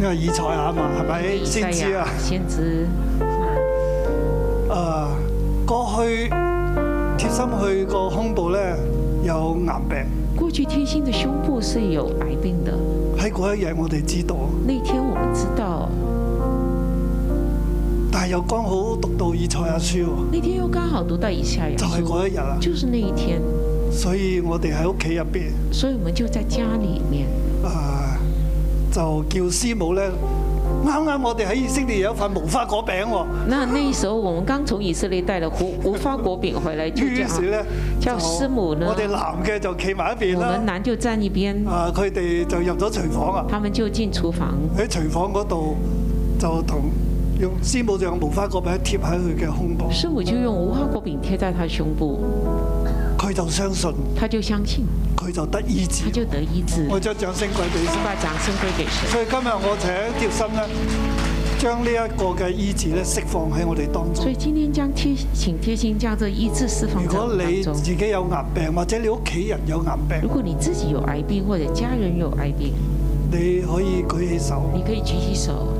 因為以賽亞嘛，係咪？先、啊、知啊，先知。啊，過去貼心去個胸部咧有癌病。過去貼心嘅胸部是有癌病的。喺嗰一日我哋知道。那天我們知道。但係又剛好讀到以賽亞書。那天又剛好讀到以賽亞書就係、是、嗰一日啊。就是那一天。所以我哋喺屋企入邊。所以我們就在家裡面。啊。就叫師母咧，啱啱我哋喺以色列有一份無花果餅喎，哦。那那時候我們剛從以色列帶了無無花果餅回來就。 於是咧，叫師母呢，我哋男嘅就企埋一邊啦。我們男就站一邊。啊，佢哋就入咗廚房啊。他們就進廚房。喺廚房嗰度就同用師母就用無花果餅貼喺佢嘅胸部。師母就用無花果餅貼在他胸部，佢就相信。他就相信。佢就得醫治，佢就得醫治。我將掌聲歸俾誰？所以今日我請貼心咧，將呢一個嘅醫治咧釋放喺我哋當中。所以今天將貼，請貼心將呢個醫治釋放在我當中。如果你自己有癌病，或者你屋企人有癌病，如果你自己有癌病或者家人有癌病，你可以舉起手，你可以舉起手，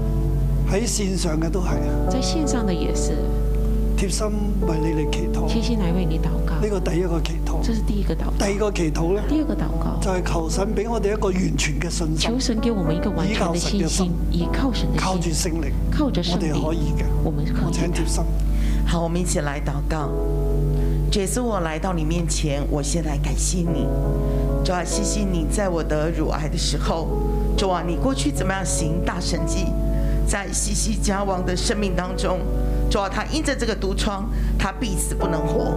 喺線上嘅都係啊，在線上嘅也是。貼心為你哋祈禱，貼心係為你禱告。呢個第一個祈。這是第一個禱告。第二個祈禱呢？第二個禱告就係求神俾我哋一個完全嘅信心。求神給我們一個完全嘅信心，依靠神嘅。靠住聖靈，靠着聖靈，我哋可以嘅。我請貼心。好，我們一起來禱告。耶穌，我來到你面前，我先嚟感謝你，主啊，謝謝你在我得乳癌的時候，主啊，你過去怎麼樣行大神跡，在希西家王的生命當中，主啊，他因着這個毒瘡，他必死不能活，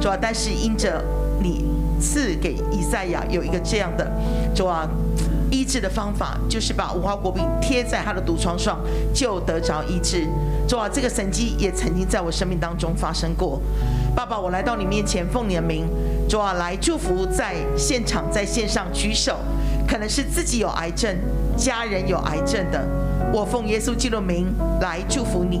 主啊，但是因着。你賜給以賽亞有一個這樣的，主啊，醫治的方法，就是把無花果餅貼在他的毒瘡上，就得着醫治。主啊，這個神蹟也曾經在我生命當中發生過。爸爸，我來到你面前奉你的名，主啊，來祝福在現場，在線上舉手，可能是自己有癌症，家人有癌症的，我奉耶穌基督名來祝福你。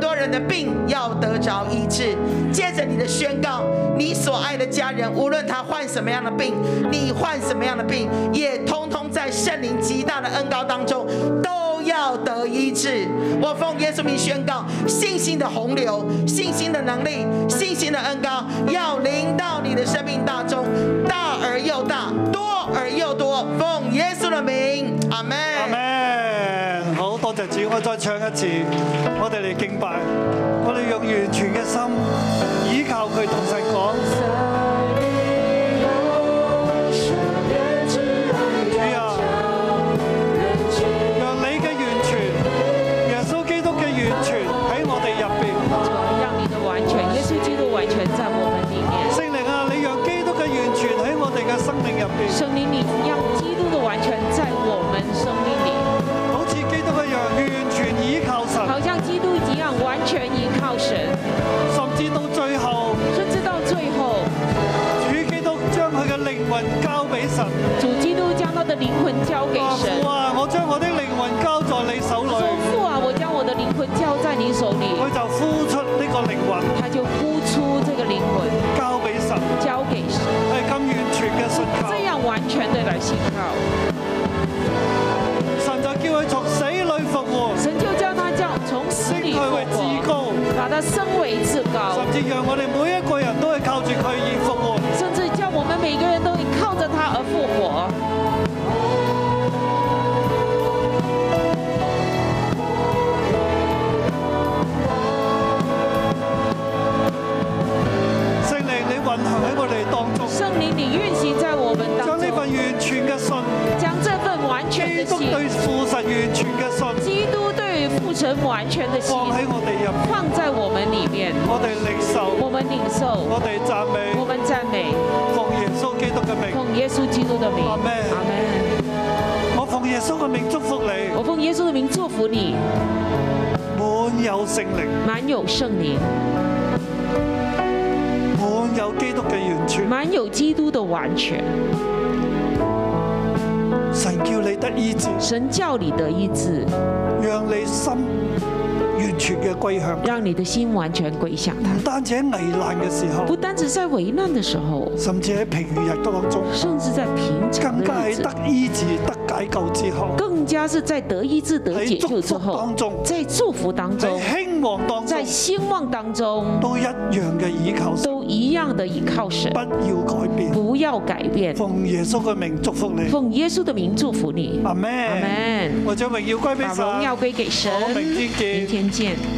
多人的病要得着醫治。藉着你的宣告，你所愛的家人，無論他患什麼樣的病，你患什麼樣的病，也通通在聖靈極大的恩膏當中都要得醫治。我奉耶穌名宣告，信心的洪流，信心的能力，信心的恩膏，要臨到你的生命當中，大而又大，多而又多。奉耶穌的名，阿門。我再唱一次，我哋嚟敬拜，我哋用完全嘅心依靠佢同實講。主啊，讓你嘅完全，耶穌基督嘅完全喺我哋入邊。面嘅完全，耶穌基督嘅完全面聖靈啊，你讓基督嘅完全喺我哋嘅生命入邊。靈魂交給神。父啊，我將我的靈魂交在你手裏。父啊，我將我的靈魂交在你手裏。他、啊、就呼出這個靈魂。他就呼出這個靈魂，交給神，交給神。係咁完全嘅信靠。這樣完全的來信靠。神就叫佢從死裏復活。神就叫他叫從死裏復活高。把他升為至高。甚至讓我哋每。聖靈，你運行在我們當中。將這份完全的信，將這份完全的信，基督對父神完全的信。基督對父神完全的信。放在我們裏面。放在我們裏面。我們領受。我們領受。我們，我們讚美。我們讚美。奉耶穌基督的名。奉耶穌基督的名。阿門。阿門。我奉耶穌的名祝福你。我奉耶穌的名祝福你。滿有聖靈。滿有聖靈。有基督的完全，神叫你得醫治，神叫你得醫治，讓你心完全嘅歸向，讓你的心完全歸向他。唔單止危難嘅時候，不單止在危難的時候，甚至喺平日當中，甚至在平常更加喺得醫治得，得，得解救之後，更加是在得醫治得解救之後，喺祝福當中，在祝福當中，在興旺當中，在興旺當中都一樣嘅一樣的倚靠神，不要改變，不要改變。奉耶穌的名祝福你，奉耶穌的名祝福你，阿門，阿門，我準備要，要歸給神，要歸給神。明天，天見。